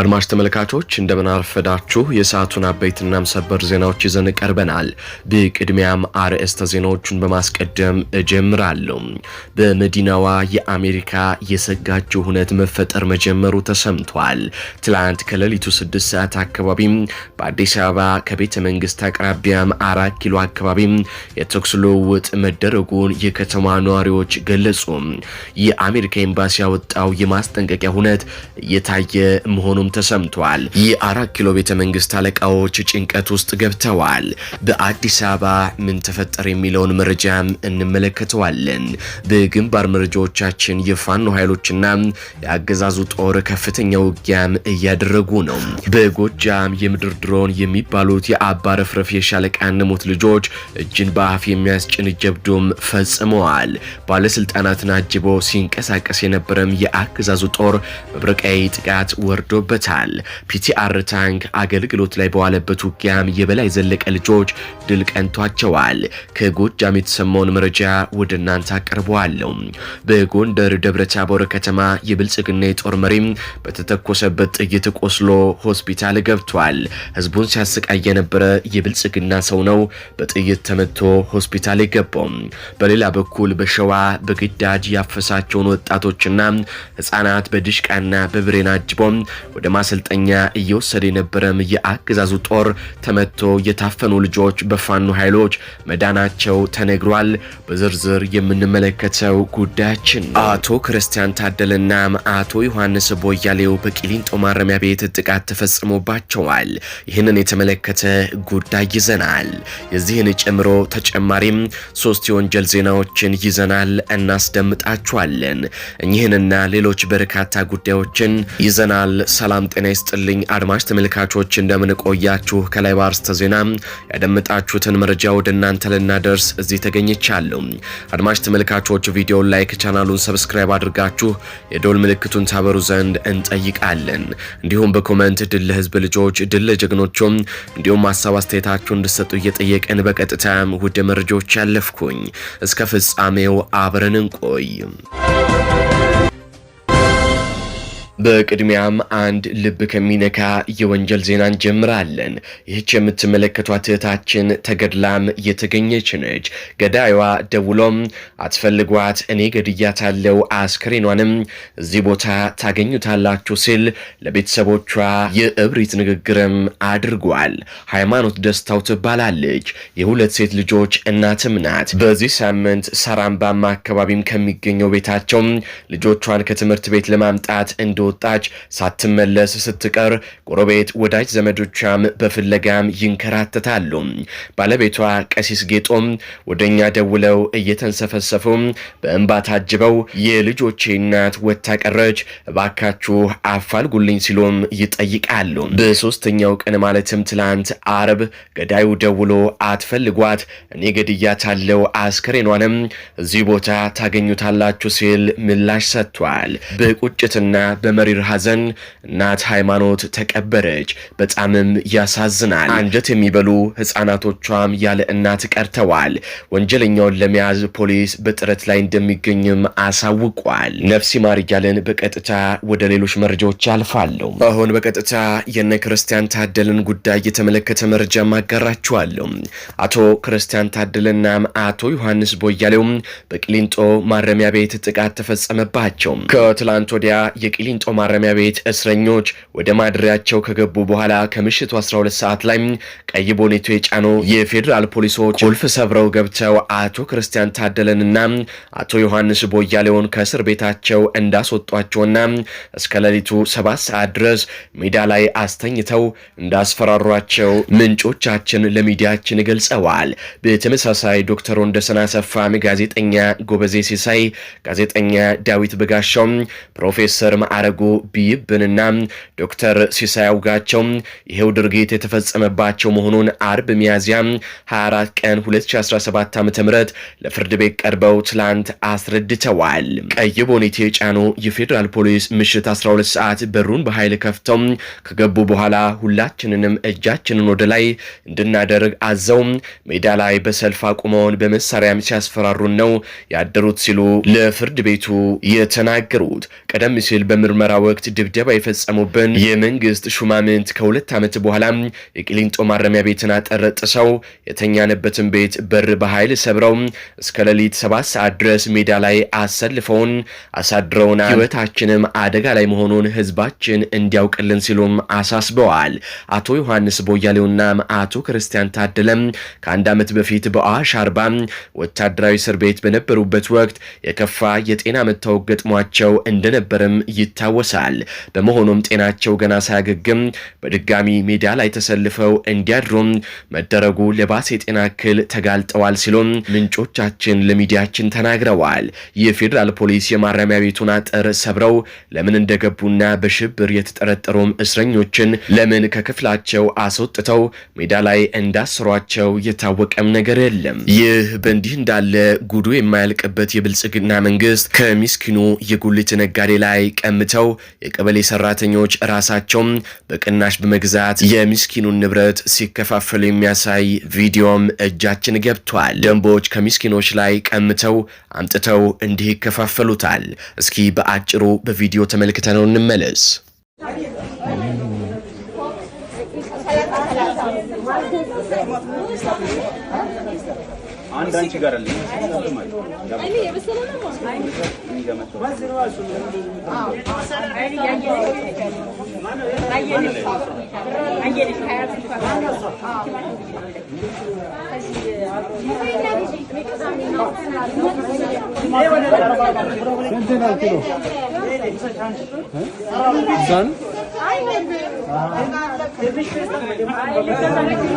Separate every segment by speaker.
Speaker 1: አድማጭ ተመልካቾች እንደምን አረፈዳችሁ። የሰዓቱን አበይትና ሰበር ዜናዎች ይዘን ቀርበናል። በቅድሚያም አርዕስተ ዜናዎቹን በማስቀደም እጀምራለሁ። በመዲናዋ የአሜሪካ የሰጋችው ሁነት መፈጠር መጀመሩ ተሰምቷል። ትላንት ከሌሊቱ ስድስት ሰዓት አካባቢም በአዲስ አበባ ከቤተ መንግስት አቅራቢያም አራት ኪሎ አካባቢም የተኩስ ልውውጥ መደረጉን የከተማ ነዋሪዎች ገለጹ። የአሜሪካ ኤምባሲ ያወጣው የማስጠንቀቂያ ሁነት እየታየ መሆኑም ተሰምቷል። የአራት ኪሎ ቤተ መንግስት አለቃዎች ጭንቀት ውስጥ ገብተዋል። በአዲስ አበባ ምን ተፈጠረ የሚለውን መረጃም እንመለከተዋለን። በግንባር መረጃዎቻችን የፋኖ ኃይሎችና የአገዛዙ ጦር ከፍተኛ ውጊያም እያደረጉ ነው። በጎጃም የምድር ድሮን የሚባሉት የአባረ ረፍረፍ የሻለቃ ንሙት ልጆች እጅን በአፍ የሚያስጭን ጀብዱም ፈጽመዋል። ባለስልጣናትን አጅቦ ሲንቀሳቀስ የነበረም የአገዛዙ ጦር መብረቃዊ ጥቃት ወርዶበት ይገኙበታል። ፒቲአር ታንክ አገልግሎት ላይ በዋለበት ውጊያም የበላይ ዘለቀ ልጆች ድል ቀንቷቸዋል። ከጎጃም የተሰማውን መረጃ ወደ እናንተ አቀርበዋለሁ። በጎንደር ደብረታቦር ከተማ የብልጽግና የጦር መሪም በተተኮሰበት ጥይት ቆስሎ ሆስፒታል ገብቷል። ህዝቡን ሲያሰቃይ የነበረ የብልጽግና ሰው ነው በጥይት ተመቶ ሆስፒታል የገባው። በሌላ በኩል በሸዋ በግዳጅ ያፈሳቸውን ወጣቶችና ህጻናት በድሽቃና በብሬን አጅቦም ወደ ማሰልጠኛ እየወሰደ የነበረም የአገዛዙ ጦር ተመቶ የታፈኑ ልጆች በፋኖ ኃይሎች መዳናቸው ተነግሯል። በዝርዝር የምንመለከተው ጉዳያችን አቶ ክርስቲያን ታደለና አቶ ዮሐንስ ቦያሌው በቂሊንጦ ማረሚያ ቤት ጥቃት ተፈጽሞባቸዋል። ይህንን የተመለከተ ጉዳይ ይዘናል። የዚህን ጨምሮ ተጨማሪም ሶስት የወንጀል ዜናዎችን ይዘናል፣ እናስደምጣችኋለን። እኚህንና ሌሎች በርካታ ጉዳዮችን ይዘናል። ሰላም ጤና ይስጥልኝ አድማጭ ተመልካቾች፣ እንደምን ቆያችሁ? ከላይ ባርስተ ዜና ያደምጣችሁትን መረጃ ወደ እናንተ ልናደርስ እዚህ ተገኝቻለሁ። አድማጭ ተመልካቾች ቪዲዮው ላይክ፣ ቻናሉን ሰብስክራይብ አድርጋችሁ የዶል ምልክቱን ታበሩ ዘንድ እንጠይቃለን። እንዲሁም በኮመንት ድል ለህዝብ ልጆች፣ ድል ለጀግኖቹም እንዲሁም ሀሳብ አስተያየታችሁ እንድሰጡ እየጠየቀን በቀጥታ ወደ መረጃዎች ያለፍኩኝ እስከ ፍጻሜው አብረን እንቆይ። በቅድሚያም አንድ ልብ ከሚነካ የወንጀል ዜና እንጀምራለን። ይህች የምትመለከቷት እህታችን ተገድላም የተገኘች ነች። ገዳይዋ ደውሎም አትፈልጓት፣ እኔ ገድያታለው፣ አስክሬኗንም እዚህ ቦታ ታገኙታላችሁ ሲል ለቤተሰቦቿ የእብሪት ንግግርም አድርጓል። ሃይማኖት ደስታው ትባላለች። የሁለት ሴት ልጆች እናትም ናት። በዚህ ሳምንት ሳራምባማ አካባቢም ከሚገኘው ቤታቸው ልጆቿን ከትምህርት ቤት ለማምጣት እንደ ካልወጣች ሳትመለስ ስትቀር ጎረቤት ወዳጅ ዘመዶቿም በፍለጋም ይንከራተታሉ። ባለቤቷ ቀሲስ ጌጦም ወደኛ ደውለው እየተንሰፈሰፉ በእንባ ታጅበው የልጆቼ እናት ወጥታ ቀረች፣ እባካችሁ አፋልጉልኝ ሲሉም ይጠይቃሉ። በሶስተኛው ቀን ማለትም ትላንት አርብ ገዳዩ ደውሎ አትፈልጓት፣ እኔ ገድያታለሁ፣ አስከሬኗንም እዚህ ቦታ ታገኙታላችሁ ሲል ምላሽ ሰጥቷል። በቁጭትና በመ በመሪር ሐዘን እናት ሃይማኖት ተቀበረች። በጣምም ያሳዝናል። አንጀት የሚበሉ ህፃናቶቿም ያለ እናት ቀርተዋል። ወንጀለኛውን ለመያዝ ፖሊስ በጥረት ላይ እንደሚገኝም አሳውቋል። ነፍሲ ማር እያልን በቀጥታ ወደ ሌሎች መረጃዎች አልፋለሁ። አሁን በቀጥታ የነ ክርስቲያን ታደልን ጉዳይ የተመለከተ መረጃ ማጋራችኋለሁ። አቶ ክርስቲያን ታደልና አቶ ዮሐንስ ቦያሌውም በቅሊንጦ ማረሚያ ቤት ጥቃት ተፈጸመባቸው። ከትላንት ወዲያ የቅሊንጦ ሊበጣጮ ማረሚያ ቤት እስረኞች ወደ ማደሪያቸው ከገቡ በኋላ ከምሽቱ 12 ሰዓት ላይ ቀይ ቦኔቶ የጫኑ የፌዴራል ፖሊሶች ቁልፍ ሰብረው ገብተው አቶ ክርስቲያን ታደለንና አቶ ዮሐንስ ቦያሌውን ከእስር ቤታቸው እንዳስወጧቸውና እስከ ሌሊቱ ሰባት ሰዓት ድረስ ሜዳ ላይ አስተኝተው እንዳስፈራሯቸው ምንጮቻችን ለሚዲያችን ገልጸዋል። በተመሳሳይ ዶክተር ወንደሰን አሰፋም፣ ጋዜጠኛ ጎበዜ ሲሳይ፣ ጋዜጠኛ ዳዊት በጋሻው፣ ፕሮፌሰር ማዕረጉ ሲያደርጉ ቢይብንና ዶክተር ሲሳይ አውጋቸው ይሄው ድርጊት የተፈጸመባቸው መሆኑን አርብ ሚያዝያ 24 ቀን 2017 ዓ.ም ለፍርድ ቤት ቀርበው ትላንት አስረድተዋል። ቀይ ቦኔቴ የጫኑ የፌዴራል ፖሊስ ምሽት 12 ሰዓት በሩን በኃይል ከፍተው ከገቡ በኋላ ሁላችንንም እጃችንን ወደ ላይ እንድናደርግ አዘው ሜዳ ላይ በሰልፍ አቁመውን በመሳሪያም ሲያስፈራሩን ነው ያደሩት ሲሉ ለፍርድ ቤቱ የተናገሩት ቀደም ሲል በምርመ ምርመራ ወቅት ድብደባ የፈጸሙብን የመንግስት ሹማምንት ከሁለት ዓመት በኋላ የቅሊንጦ ማረሚያ ቤትን ሰው የተኛንበትን ቤት በር በኃይል ሰብረው እስከ ሌሊት ሰባት ሰዓት ድረስ ሜዳ ላይ አሰልፈውን አሳድረውና ህይወታችንም አደጋ ላይ መሆኑን ህዝባችን እንዲያውቅልን ሲሉም አሳስበዋል። አቶ ዮሐንስ ቦያሌውና አቶ ክርስቲያን ታደለም ከአንድ ዓመት በፊት በአዋሽ አርባ ወታደራዊ እስር ቤት በነበሩበት ወቅት የከፋ የጤና መታወክ ገጥሟቸው እንደነበርም ይታ። ይታወሳል። በመሆኑም ጤናቸው ገና ሳያገግም በድጋሚ ሜዳ ላይ ተሰልፈው እንዲያድሩም መደረጉ ለባሰ የጤና እክል ተጋልጠዋል ሲሉም ምንጮቻችን ለሚዲያችን ተናግረዋል። የፌዴራል ፖሊስ የማረሚያ ቤቱን አጥር ሰብረው ለምን እንደገቡና በሽብር የተጠረጠሩም እስረኞችን ለምን ከክፍላቸው አስወጥተው ሜዳ ላይ እንዳሰሯቸው የታወቀም ነገር የለም። ይህ በእንዲህ እንዳለ ጉዱ የማያልቅበት የብልጽግና መንግስት ከሚስኪኑ የጉልት ነጋዴ ላይ ቀምተው ተገኝተው የቀበሌ ሰራተኞች ራሳቸውም በቅናሽ በመግዛት የሚስኪኑን ንብረት ሲከፋፈሉ የሚያሳይ ቪዲዮም እጃችን ገብቷል። ደንቦች ከሚስኪኖች ላይ ቀምተው አምጥተው እንዲህ ይከፋፈሉታል። እስኪ በአጭሩ በቪዲዮ ተመልክተነው እንመለስ። Andancigarali. Aynı yarı salonu mu? Sen sen al kilo. Sen? Aynen. Aynen.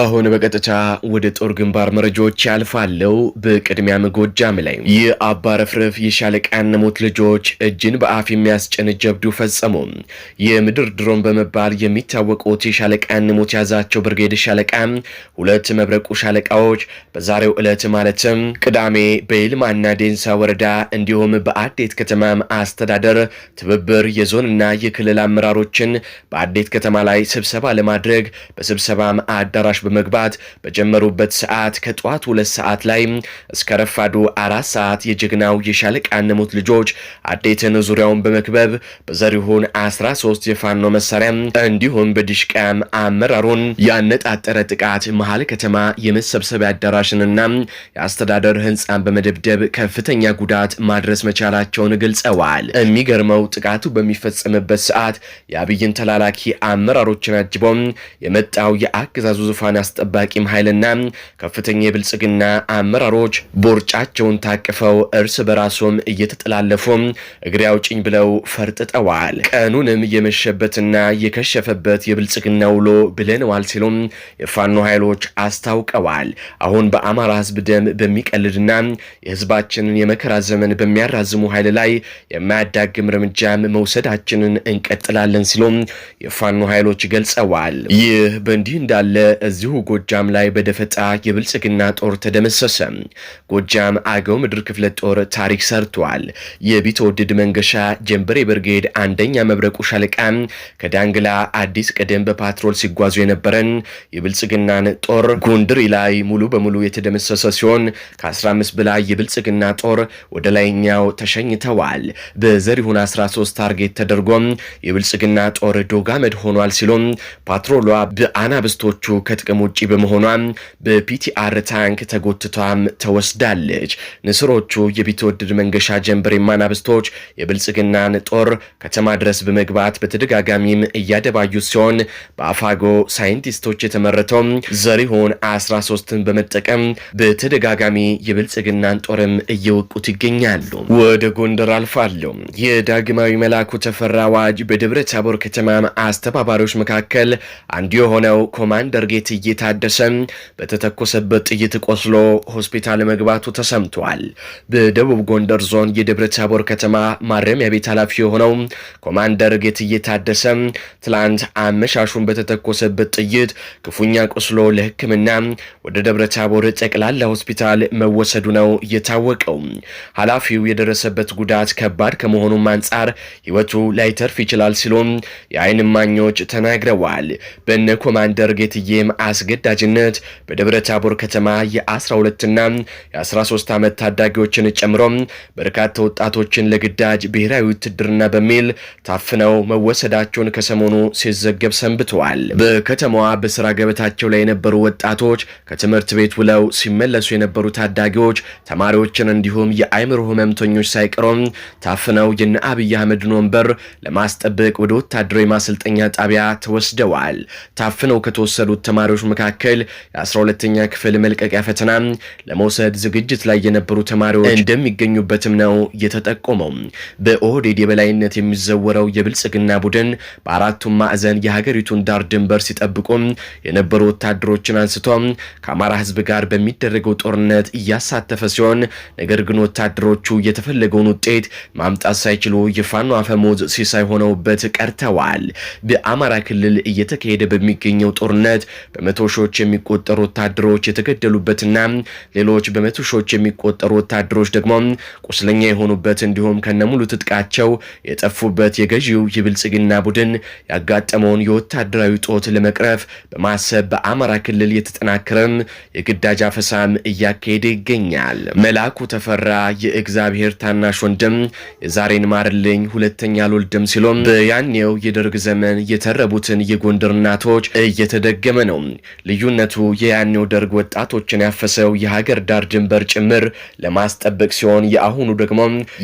Speaker 1: አሁን በቀጥታ ወደ ጦር ግንባር መረጃዎች ያልፋለው። በቅድሚያም ጎጃም ላይ የአባረፍረፍ የሻለቃ ሞት ልጆች እጅን በአፍ የሚያስጨንጀብዱ ጀብዱ ፈጸሙ። የምድር ድሮን በመባል የሚታወቁት የሻለቃ ሞት ያዛቸው ብርጌድ ሻለቃ ሁለት መብረቁ ሻለቃዎች በዛሬው ዕለት ማለትም ቅዳሜ በይልማና ዴንሳ ወረዳ እንዲሁም በአዴት ከተማ አስተዳደር ትብብር የዞንና የክልል አመራሮችን በአዴት ከተማ ላይ ስብሰባ ለማ በማድረግ በስብሰባም አዳራሽ በመግባት በጀመሩበት ሰዓት ከጠዋት ሁለት ሰዓት ላይ እስከ ረፋዱ አራት ሰዓት የጀግናው የሻለቃ አነሙት ልጆች አዴትን ዙሪያውን በመክበብ በዘሪሁን 13 የፋኖ መሳሪያ እንዲሁም በዲሽቃም አመራሩን ያነጣጠረ ጥቃት መሀል ከተማ የመሰብሰቢያ አዳራሽንና የአስተዳደር ህንፃን በመደብደብ ከፍተኛ ጉዳት ማድረስ መቻላቸውን ገልጸዋል። የሚገርመው ጥቃቱ በሚፈጸምበት ሰዓት የአብይን ተላላኪ አመራሮችን አጅበው የመጣው የአገዛዙ ዙፋን አስጠባቂም ኃይልና ከፍተኛ የብልጽግና አመራሮች ቦርጫቸውን ታቅፈው እርስ በራሱም እየተጠላለፉ እግሬ አውጭኝ ብለው ፈርጥጠዋል። ቀኑንም የመሸበትና የከሸፈበት የብልጽግና ውሎ ብለነዋል ሲሉም የፋኖ ኃይሎች አስታውቀዋል። አሁን በአማራ ህዝብ ደም በሚቀልድና የህዝባችንን የመከራ ዘመን በሚያራዝሙ ኃይል ላይ የማያዳግም እርምጃም መውሰዳችንን እንቀጥላለን ሲሉም የፋኖ ኃይሎች ገልጸዋል። ተገኝተዋል። ይህ በእንዲህ እንዳለ እዚሁ ጎጃም ላይ በደፈጣ የብልጽግና ጦር ተደመሰሰ። ጎጃም አገው ምድር ክፍለ ጦር ታሪክ ሰርቷል። የቢትወደድ መንገሻ ጀንበሬ ብርጌድ አንደኛ መብረቁ ሻለቃ ከዳንግላ አዲስ ቅደም በፓትሮል ሲጓዙ የነበረን የብልጽግናን ጦር ጎንደር ላይ ሙሉ በሙሉ የተደመሰሰ ሲሆን ከ15 በላይ የብልጽግና ጦር ወደ ላይኛው ተሸኝተዋል። በዘሪሁን 13 ታርጌት ተደርጎም የብልጽግና ጦር ዶጋመድ ሆኗል ሲሉም ፓትሮሏ በአናብስቶቹ ከጥቅም ውጭ በመሆኗ በፒቲአር ታንክ ተጎትቷም ተወስዳለች። ንስሮቹ የቢትወደድ መንገሻ ጀንበር የማናብስቶች የብልጽግናን ጦር ከተማ ድረስ በመግባት በተደጋጋሚም እያደባዩ ሲሆን በአፋጎ ሳይንቲስቶች የተመረተው ዘሪሁን 13ን በመጠቀም በተደጋጋሚ የብልጽግናን ጦርም እየወቁት ይገኛሉ። ወደ ጎንደር አልፋለሁ። የዳግማዊ መላኩ ተፈራ አዋጅ በደብረ ታቦር ከተማ አስተባባሪዎች መካከል አንዱ የሆነው ኮማንደር ጌት እየታደሰ በተተኮሰበት ጥይት ቆስሎ ሆስፒታል መግባቱ ተሰምቷል። በደቡብ ጎንደር ዞን የደብረ ታቦር ከተማ ማረሚያ ቤት ኃላፊ የሆነው ኮማንደር ጌት እየታደሰ ትላንት አመሻሹን በተተኮሰበት ጥይት ክፉኛ ቆስሎ ለሕክምና ወደ ደብረ ታቦር ጠቅላላ ሆስፒታል መወሰዱ ነው የታወቀው። ኃላፊው የደረሰበት ጉዳት ከባድ ከመሆኑም አንጻር ሕይወቱ ላይተርፍ ይችላል ሲሉም የአይን እማኞች ተናግረዋል። በነ ኮማንደር ጌትዬም አስገዳጅነት በደብረ ታቦር ከተማ የ12ና የ13 ዓመት ታዳጊዎችን ጨምሮ በርካታ ወጣቶችን ለግዳጅ ብሔራዊ ውትድርና በሚል ታፍነው መወሰዳቸውን ከሰሞኑ ሲዘገብ ሰንብተዋል። በከተማዋ በስራ ገበታቸው ላይ የነበሩ ወጣቶች ከትምህርት ቤት ውለው ሲመለሱ የነበሩ ታዳጊዎች፣ ተማሪዎችን እንዲሁም የአይምሮ ህመምተኞች ሳይቀሩም ታፍነው የነ አብይ አህመድን ወንበር ለማስጠበቅ ወደ ወታደራዊ ማሰልጠኛ ጣቢያ ተወስደዋል። ተናግረዋል። ታፍነው ከተወሰዱት ተማሪዎች መካከል የ12ኛ ክፍል መልቀቂያ ፈተና ለመውሰድ ዝግጅት ላይ የነበሩ ተማሪዎች እንደሚገኙበትም ነው የተጠቆመው። በኦህዴድ የበላይነት የሚዘወረው የብልጽግና ቡድን በአራቱም ማዕዘን የሀገሪቱን ዳር ድንበር ሲጠብቁ የነበሩ ወታደሮችን አንስቶ ከአማራ ህዝብ ጋር በሚደረገው ጦርነት እያሳተፈ ሲሆን ነገር ግን ወታደሮቹ የተፈለገውን ውጤት ማምጣት ሳይችሉ የፋኖ አፈሙዝ ሲሳይ ሆነውበት ቀርተዋል። በአማራ ክልል እየተ እየተካሄደ በሚገኘው ጦርነት በመቶ ሺዎች የሚቆጠሩ ወታደሮች የተገደሉበትና ሌሎች በመቶ ሺዎች የሚቆጠሩ ወታደሮች ደግሞ ቁስለኛ የሆኑበት እንዲሁም ከነሙሉ ትጥቃቸው የጠፉበት የገዢው የብልጽግና ቡድን ያጋጠመውን የወታደራዊ ጦት ለመቅረፍ በማሰብ በአማራ ክልል የተጠናከረም የግዳጅ አፈሳም እያካሄደ ይገኛል። መላኩ ተፈራ የእግዚአብሔር ታናሽ ወንድም የዛሬን ማርልኝ ሁለተኛ አልወልድም ሲሎም በያኔው የደርግ ዘመን የተረቡትን የጎንደር የወታደር እናቶች እየተደገመ ነው። ልዩነቱ የያኔው ደርግ ወጣቶችን ያፈሰው የሀገር ዳር ድንበር ጭምር ለማስጠበቅ ሲሆን የአሁኑ ደግሞ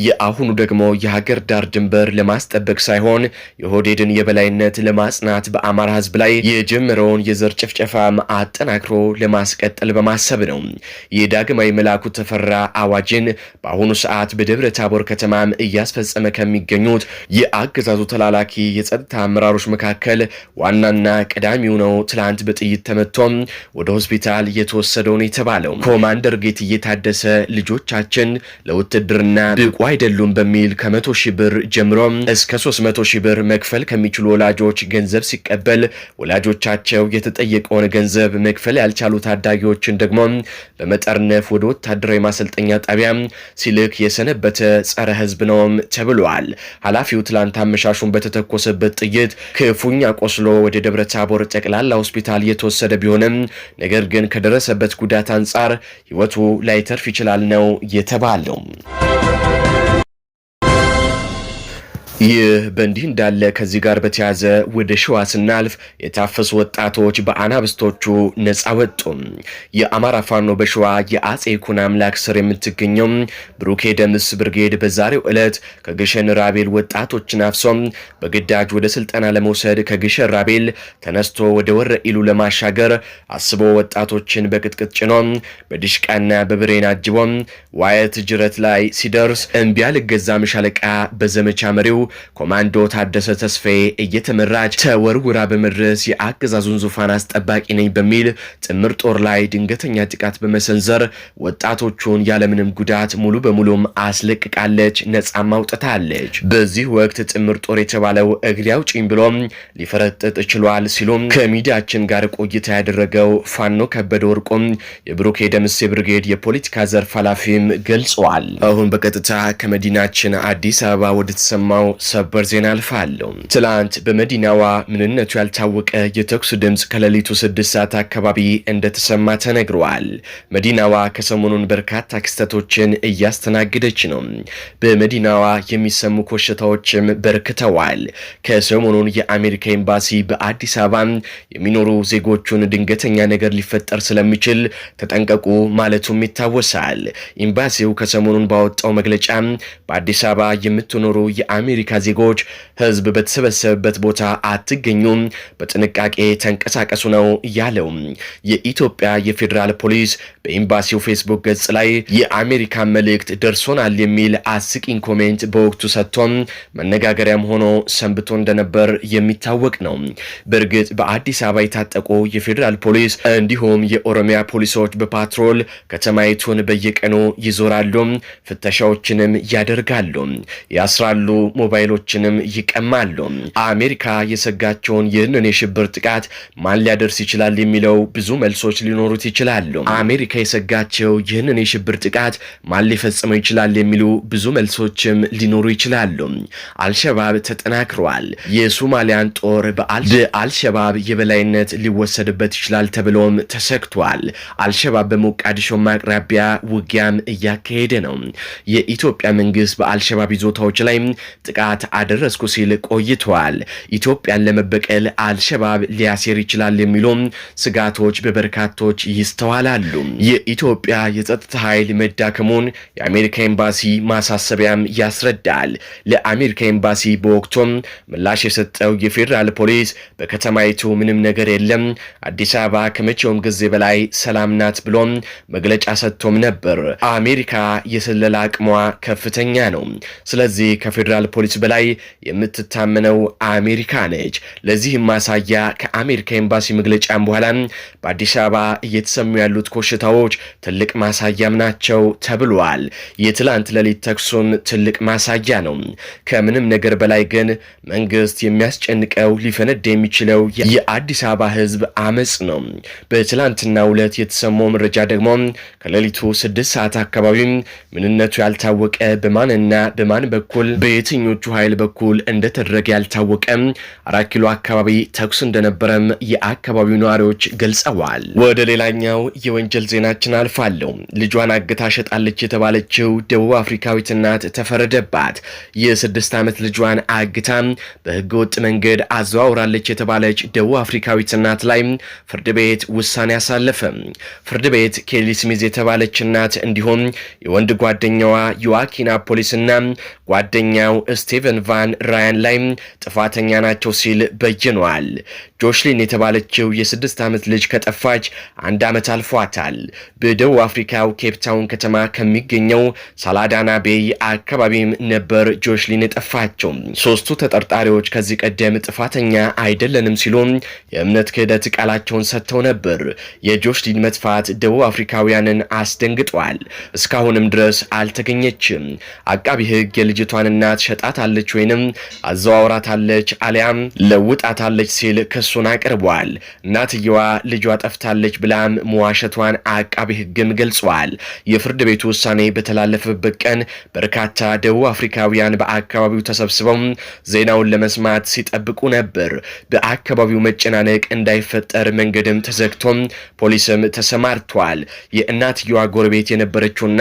Speaker 1: የአሁኑ ደግሞ የሀገር ዳር ድንበር ለማስጠበቅ ሳይሆን የሆዴድን የበላይነት ለማጽናት በአማራ ህዝብ ላይ የጀመረውን የዘር ጭፍጨፋ አጠናክሮ ለማስቀጠል በማሰብ ነው። የዳግማዊ መላኩ ተፈራ አዋጅን በአሁኑ ሰዓት በደብረ ታቦር ከተማም እያስፈጸመ ከሚገኙት የአገዛዙ ተላላኪ የጸጥታ አመራሮች መካከል ዋና ትናንትናና ቀዳሚው ነው ትላንት በጥይት ተመቶም ወደ ሆስፒታል እየተወሰደው ነው የተባለው። ኮማንደር ጌትዬ ታደሰ ልጆቻችን ለውትድርና ብቁ አይደሉም በሚል ከመቶ ሺህ ብር ጀምሮ እስከ 300 መቶ ሺህ ብር መክፈል ከሚችሉ ወላጆች ገንዘብ ሲቀበል ወላጆቻቸው የተጠየቀውን ገንዘብ መክፈል ያልቻሉ ታዳጊዎችን ደግሞ በመጠርነፍ ወደ ወታደራዊ ማሰልጠኛ ጣቢያ ሲልክ የሰነበተ ጸረ ህዝብ ነውም ተብሏል። ኃላፊው ትላንት አመሻሹን በተተኮሰበት ጥይት ክፉኛ ቆስሎ ወደ ደብረ ታቦር ጠቅላላ ሆስፒታል የተወሰደ ቢሆንም ነገር ግን ከደረሰበት ጉዳት አንጻር ህይወቱ ላይተርፍ ይችላል ነው የተባለው። ይህ በእንዲህ እንዳለ ከዚህ ጋር በተያዘ ወደ ሸዋ ስናልፍ የታፈሱ ወጣቶች በአናብስቶቹ ነፃ ወጡ። የአማራ ፋኖ በሸዋ የአጼ ኩን አምላክ ስር የምትገኘው ብሩኬ ደምስ ብርጌድ በዛሬው ዕለት ከግሸን ራቤል ወጣቶችን አፍሶም በግዳጅ ወደ ስልጠና ለመውሰድ ከግሸን ራቤል ተነስቶ ወደ ወረ ኢሉ ለማሻገር አስቦ ወጣቶችን በቅጥቅጥ ጭኖ በድሽቃና በብሬን አጅቦ ዋየት ጅረት ላይ ሲደርስ እምቢያ ልገዛም ሻለቃ በዘመቻ መሪው ኮማንዶ ታደሰ ተስፋዬ እየተመራች ተወርውራ በመድረስ የአገዛዙን ዙፋን አስጠባቂ ነኝ በሚል ጥምር ጦር ላይ ድንገተኛ ጥቃት በመሰንዘር ወጣቶቹን ያለምንም ጉዳት ሙሉ በሙሉም አስለቅቃለች፣ ነጻም አውጥታለች። በዚህ ወቅት ጥምር ጦር የተባለው እግሬ አውጪኝ ብሎም ሊፈረጥጥ ችሏል ሲሉም ከሚዲያችን ጋር ቆይታ ያደረገው ፋኖ ከበደ ወርቁም የብሩኬ ደምሴ ብርጌድ የፖለቲካ ዘርፍ ኃላፊም ገልጸዋል። አሁን በቀጥታ ከመዲናችን አዲስ አበባ ወደ ተሰማው ሰበር ዜና አልፋለሁ። ትላንት በመዲናዋ ምንነቱ ያልታወቀ የተኩስ ድምፅ ከሌሊቱ ስድስት ሰዓት አካባቢ እንደተሰማ ተነግረዋል። መዲናዋ ከሰሞኑን በርካታ ክስተቶችን እያስተናገደች ነው። በመዲናዋ የሚሰሙ ኮሽታዎችም በርክተዋል። ከሰሞኑን የአሜሪካ ኤምባሲ በአዲስ አበባ የሚኖሩ ዜጎቹን ድንገተኛ ነገር ሊፈጠር ስለሚችል ተጠንቀቁ ማለቱም ይታወሳል። ኤምባሲው ከሰሞኑን ባወጣው መግለጫ በአዲስ አበባ የምትኖሩ የአሜሪ የአሜሪካ ዜጎች ህዝብ በተሰበሰበበት ቦታ አትገኙም፣ በጥንቃቄ ተንቀሳቀሱ ነው ያለው። የኢትዮጵያ የፌዴራል ፖሊስ በኤምባሲው ፌስቡክ ገጽ ላይ የአሜሪካ መልእክት ደርሶናል የሚል አስቂኝ ኮሜንት በወቅቱ ሰጥቶም መነጋገሪያም ሆኖ ሰንብቶ እንደነበር የሚታወቅ ነው። በእርግጥ በአዲስ አበባ የታጠቁ የፌዴራል ፖሊስ እንዲሁም የኦሮሚያ ፖሊሶች በፓትሮል ከተማይቱን በየቀኑ ይዞራሉ፣ ፍተሻዎችንም ያደርጋሉ፣ ያስራሉ፣ ሞባይሎችንም ይቀማሉ። አሜሪካ የሰጋቸውን ይህንን የሽብር ጥቃት ማን ሊያደርስ ይችላል የሚለው ብዙ መልሶች ሊኖሩት ይችላሉ። አሜሪካ የሰጋቸው ይህንን የሽብር ጥቃት ማን ሊፈጽመው ይችላል የሚሉ ብዙ መልሶችም ሊኖሩ ይችላሉ። አልሸባብ ተጠናክረዋል። የሶማሊያን ጦር በአልሸባብ የበላይነት ሊወሰድበት ይችላል ተብሎም ተሰግቷል። አልሸባብ በሞቃዲሾ አቅራቢያ ውጊያም እያካሄደ ነው። የኢትዮጵያ መንግስት በአልሸባብ ይዞታዎች ላይ ጥቃት ጥቃት አደረስኩ ሲል ቆይተዋል። ኢትዮጵያን ለመበቀል አልሸባብ ሊያሴር ይችላል የሚሉም ስጋቶች በበርካቶች ይስተዋላሉ። የኢትዮጵያ የጸጥታ ኃይል መዳከሙን የአሜሪካ ኤምባሲ ማሳሰቢያም ያስረዳል። ለአሜሪካ ኤምባሲ በወቅቱም ምላሽ የሰጠው የፌዴራል ፖሊስ በከተማይቱ ምንም ነገር የለም፣ አዲስ አበባ ከመቼውም ጊዜ በላይ ሰላም ናት ብሎም መግለጫ ሰጥቶም ነበር። አሜሪካ የስለላ አቅሟ ከፍተኛ ነው። ስለዚህ ከፌዴራል ፖሊስ ከመሬት በላይ የምትታመነው አሜሪካ ነች። ለዚህም ማሳያ ከአሜሪካ ኤምባሲ መግለጫም በኋላ በአዲስ አበባ እየተሰሙ ያሉት ኮሽታዎች ትልቅ ማሳያም ናቸው ተብሏል። የትላንት ሌሊት ተኩሱን ትልቅ ማሳያ ነው። ከምንም ነገር በላይ ግን መንግስት የሚያስጨንቀው ሊፈነዳ የሚችለው የአዲስ አበባ ህዝብ አመፅ ነው። በትላንትና ዕለት የተሰማው መረጃ ደግሞ ከሌሊቱ ስድስት ሰዓት አካባቢ ምንነቱ ያልታወቀ በማንና በማን በኩል በየትኞቹ በታጣቂዎቹ ኃይል በኩል እንደተደረገ ያልታወቀም አራት ኪሎ አካባቢ ተኩስ እንደነበረም የአካባቢው ነዋሪዎች ገልጸዋል። ወደ ሌላኛው የወንጀል ዜናችን አልፋለሁ። ልጇን አግታ ሸጣለች የተባለችው ደቡብ አፍሪካዊት እናት ተፈረደባት። የስድስት ዓመት ልጇን አግታ በህገወጥ መንገድ አዘዋውራለች የተባለች ደቡብ አፍሪካዊት እናት ላይ ፍርድ ቤት ውሳኔ አሳለፈ። ፍርድ ቤት ኬሊ ስሚዝ የተባለች እናት እንዲሁም የወንድ ጓደኛዋ ዮዋኪና ፖሊስና ጓደኛው እስቲ ስቲቨን ቫን ራያን ላይ ጥፋተኛ ናቸው ሲል በይኗል። ጆሽሊን የተባለችው የስድስት ዓመት ልጅ ከጠፋች አንድ ዓመት አልፏታል። በደቡብ አፍሪካው ኬፕታውን ከተማ ከሚገኘው ሳላዳና ቤይ አካባቢም ነበር ጆሽሊን የጠፋቸው። ሶስቱ ተጠርጣሪዎች ከዚህ ቀደም ጥፋተኛ አይደለንም ሲሉ የእምነት ክህደት ቃላቸውን ሰጥተው ነበር። የጆሽሊን መጥፋት ደቡብ አፍሪካውያንን አስደንግጧል። እስካሁንም ድረስ አልተገኘችም። አቃቢ ሕግ የልጅቷን እናት ሸጣት አስወጥታታለች ወይንም አዘዋውራታለች አሊያም ለውጣታለች ሲል ክሱን አቅርቧል። እናትየዋ ልጇ ጠፍታለች ብላም መዋሸቷን አቃቢ ሕግም ገልጿል። የፍርድ ቤቱ ውሳኔ በተላለፈበት ቀን በርካታ ደቡብ አፍሪካውያን በአካባቢው ተሰብስበው ዜናውን ለመስማት ሲጠብቁ ነበር። በአካባቢው መጨናነቅ እንዳይፈጠር መንገድም ተዘግቶም ፖሊስም ተሰማርቷል። የእናትየዋ ጎረቤት የነበረችውና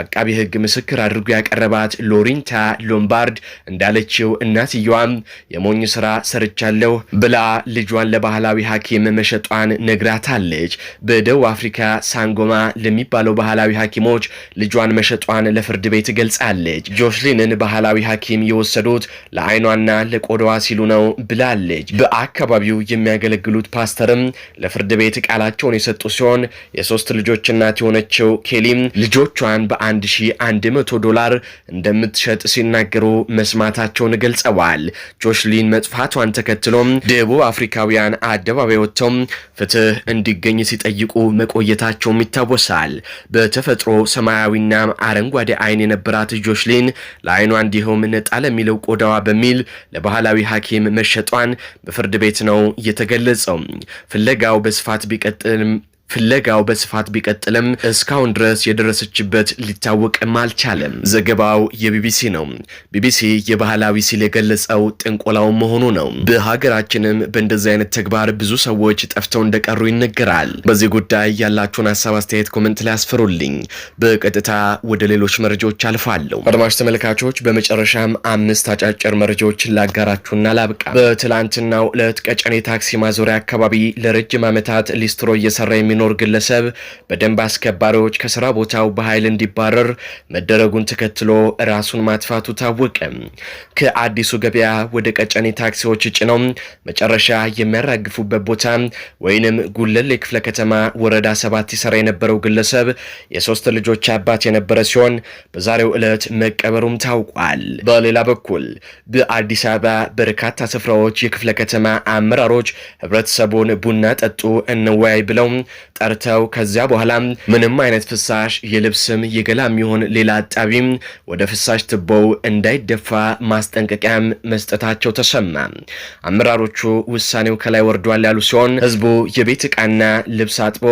Speaker 1: አቃቢ ሕግ ምስክር አድርጎ ያቀረባት ሎሪንታ ሎምባርድ እንዳለችው እናትየዋም የሞኝ ስራ ሰርቻለሁ ብላ ልጇን ለባህላዊ ሐኪም መሸጧን ነግራታለች። በደቡብ አፍሪካ ሳንጎማ ለሚባለው ባህላዊ ሐኪሞች ልጇን መሸጧን ለፍርድ ቤት ገልጻለች። ጆስሊንን ባህላዊ ሐኪም የወሰዱት ለአይኗና ለቆዳዋ ሲሉ ነው ብላለች። በአካባቢው የሚያገለግሉት ፓስተርም ለፍርድ ቤት ቃላቸውን የሰጡ ሲሆን የሶስት ልጆች እናት የሆነችው ኬሊም ልጆቿን በ1100 ዶላር እንደምትሸጥ ሲናገሩ መስማታቸውን ገልጸዋል። ጆሽሊን መጥፋቷን ተከትሎም ደቡብ አፍሪካውያን አደባባይ ወጥተው ፍትህ እንዲገኝ ሲጠይቁ መቆየታቸውም ይታወሳል። በተፈጥሮ ሰማያዊና አረንጓዴ አይን የነበራት ጆሽሊን ለአይኗ እንዲሁም ነጣ ለሚለው ቆዳዋ በሚል ለባህላዊ ሐኪም መሸጧን በፍርድ ቤት ነው የተገለጸው። ፍለጋው በስፋት ቢቀጥልም ፍለጋው በስፋት ቢቀጥልም እስካሁን ድረስ የደረሰችበት ሊታወቅም አልቻለም። ዘገባው የቢቢሲ ነው። ቢቢሲ የባህላዊ ሲል የገለጸው ጥንቆላው መሆኑ ነው። በሀገራችንም በእንደዚህ አይነት ተግባር ብዙ ሰዎች ጠፍተው እንደቀሩ ይነገራል። በዚህ ጉዳይ ያላችሁን ሀሳብ፣ አስተያየት ኮመንት ላይ አስፍሩልኝ። በቀጥታ ወደ ሌሎች መረጃዎች አልፋለሁ። አድማጭ ተመልካቾች፣ በመጨረሻም አምስት አጫጭር መረጃዎችን ላጋራችሁና ላብቃ። በትላንትናው ዕለት ቀጨኔ ታክሲ ማዞሪያ አካባቢ ለረጅም ዓመታት ሊስትሮ እየሰራ የሚ የሚኖር ግለሰብ በደንብ አስከባሪዎች ከስራ ቦታው በኃይል እንዲባረር መደረጉን ተከትሎ ራሱን ማጥፋቱ ታወቀ። ከአዲሱ ገበያ ወደ ቀጨኔ ታክሲዎች ጭነው መጨረሻ የሚያራግፉበት ቦታ ወይንም ጉለሌ ክፍለ ከተማ ወረዳ ሰባት ይሰራ የነበረው ግለሰብ የሶስት ልጆች አባት የነበረ ሲሆን በዛሬው ዕለት መቀበሩም ታውቋል። በሌላ በኩል በአዲስ አበባ በርካታ ስፍራዎች የክፍለ ከተማ አመራሮች ህብረተሰቡን ቡና ጠጡ እንወያይ ብለው ጠርተው ከዚያ በኋላ ምንም አይነት ፍሳሽ የልብስም የገላ የሚሆን ሌላ አጣቢም ወደ ፍሳሽ ትቦው እንዳይደፋ ማስጠንቀቂያም መስጠታቸው ተሰማ። አመራሮቹ ውሳኔው ከላይ ወርዷል ያሉ ሲሆን ህዝቡ የቤት ዕቃና ልብስ አጥቦ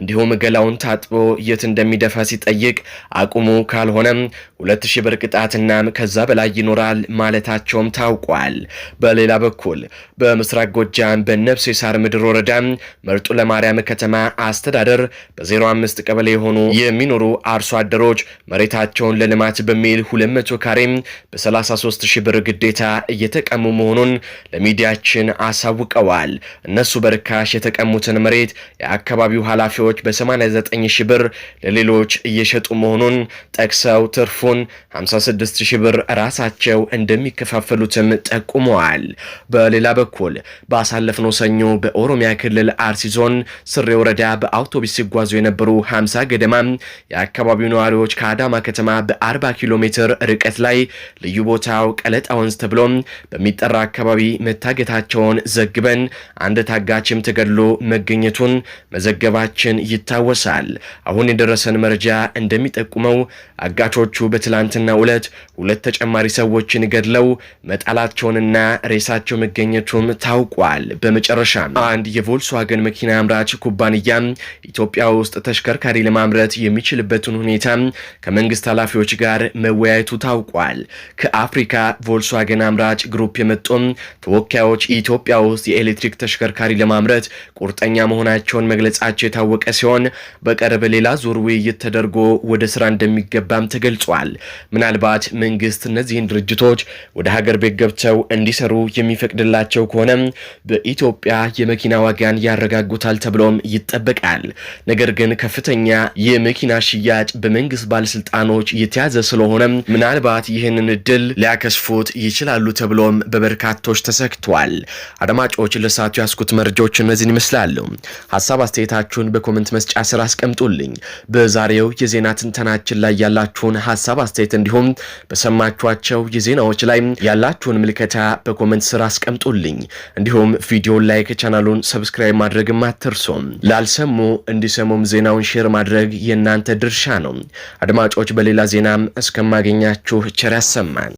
Speaker 1: እንዲሁም ገላውን ታጥቦ የት እንደሚደፋ ሲጠይቅ አቁሙ ካልሆነም ሁለት ሺህ ብር ቅጣትና ከዛ በላይ ይኖራል ማለታቸውም ታውቋል። በሌላ በኩል በምስራቅ ጎጃም በነብሴ ሳር ምድር ወረዳ መርጡ ለማርያም ከተማ አስተዳደር በ05 ቀበሌ የሆኑ የሚኖሩ አርሶ አደሮች መሬታቸውን ለልማት በሚል 200 ካሬም በ33 ሺህ ብር ግዴታ እየተቀሙ መሆኑን ለሚዲያችን አሳውቀዋል። እነሱ በርካሽ የተቀሙትን መሬት የአካባቢው ኃላፊዎች በ89 ሺህ ብር ለሌሎች እየሸጡ መሆኑን ጠቅሰው ትርፉን 56 ሺህ ብር ራሳቸው እንደሚከፋፈሉትም ጠቁመዋል። በሌላ በኩል ባሳለፍነው ሰኞ በኦሮሚያ ክልል አርሲ ዞን ስሬ ወረዳ በአውቶቡስ ሲጓዙ የነበሩ 50 ገደማ የአካባቢው ነዋሪዎች ከአዳማ ከተማ በ40 ኪሎ ሜትር ርቀት ላይ ልዩ ቦታው ቀለጣ ወንዝ ተብሎ በሚጠራ አካባቢ መታገታቸውን ዘግበን አንድ ታጋችም ተገድሎ መገኘቱን መዘገባችን ይታወሳል። አሁን የደረሰን መረጃ እንደሚጠቁመው አጋቾቹ በትላንትና ዕለት ሁለት ተጨማሪ ሰዎችን ገድለው መጣላቸውንና ሬሳቸው መገኘቱም ታውቋል። በመጨረሻም አንድ የቮልስዋገን መኪና አምራች ኩባንያ ኢትዮጵያ ውስጥ ተሽከርካሪ ለማምረት የሚችልበትን ሁኔታ ከመንግስት ኃላፊዎች ጋር መወያየቱ ታውቋል። ከአፍሪካ ቮልስዋገን አምራች ግሩፕ የመጡም ተወካዮች ኢትዮጵያ ውስጥ የኤሌክትሪክ ተሽከርካሪ ለማምረት ቁርጠኛ መሆናቸውን መግለጻቸው የታወቀ ሲሆን በቀረበ ሌላ ዙር ውይይት ተደርጎ ወደ ስራ እንደሚገባም ተገልጿል። ምናልባት መንግስት እነዚህን ድርጅቶች ወደ ሀገር ቤት ገብተው እንዲሰሩ የሚፈቅድላቸው ከሆነም በኢትዮጵያ የመኪና ዋጋን ያረጋጉታል ተብሎም ይጠበቃል። ይጠበቃል። ነገር ግን ከፍተኛ የመኪና ሽያጭ በመንግስት ባለስልጣኖች የተያዘ ስለሆነ ምናልባት ይህንን እድል ሊያከስፉት ይችላሉ ተብሎም በበርካቶች ተሰግቷል። አድማጮች ለሰዓቱ ያስኩት መረጃዎች እነዚህን ይመስላሉ። ሀሳብ አስተያየታችሁን በኮመንት መስጫ ስር አስቀምጡልኝ። በዛሬው የዜና ትንተናችን ላይ ያላችሁን ሀሳብ አስተያየት፣ እንዲሁም በሰማችኋቸው የዜናዎች ላይ ያላችሁን ምልከታ በኮመንት ስር አስቀምጡልኝ። እንዲሁም ቪዲዮን ላይክ፣ ቻናሉን ሰብስክራይብ ማድረግም አትርሱም። ያልሰሙ እንዲሰሙም ዜናውን ሼር ማድረግ የእናንተ ድርሻ ነው። አድማጮች፣ በሌላ ዜናም እስከማገኛችሁ ቸር ያሰማን።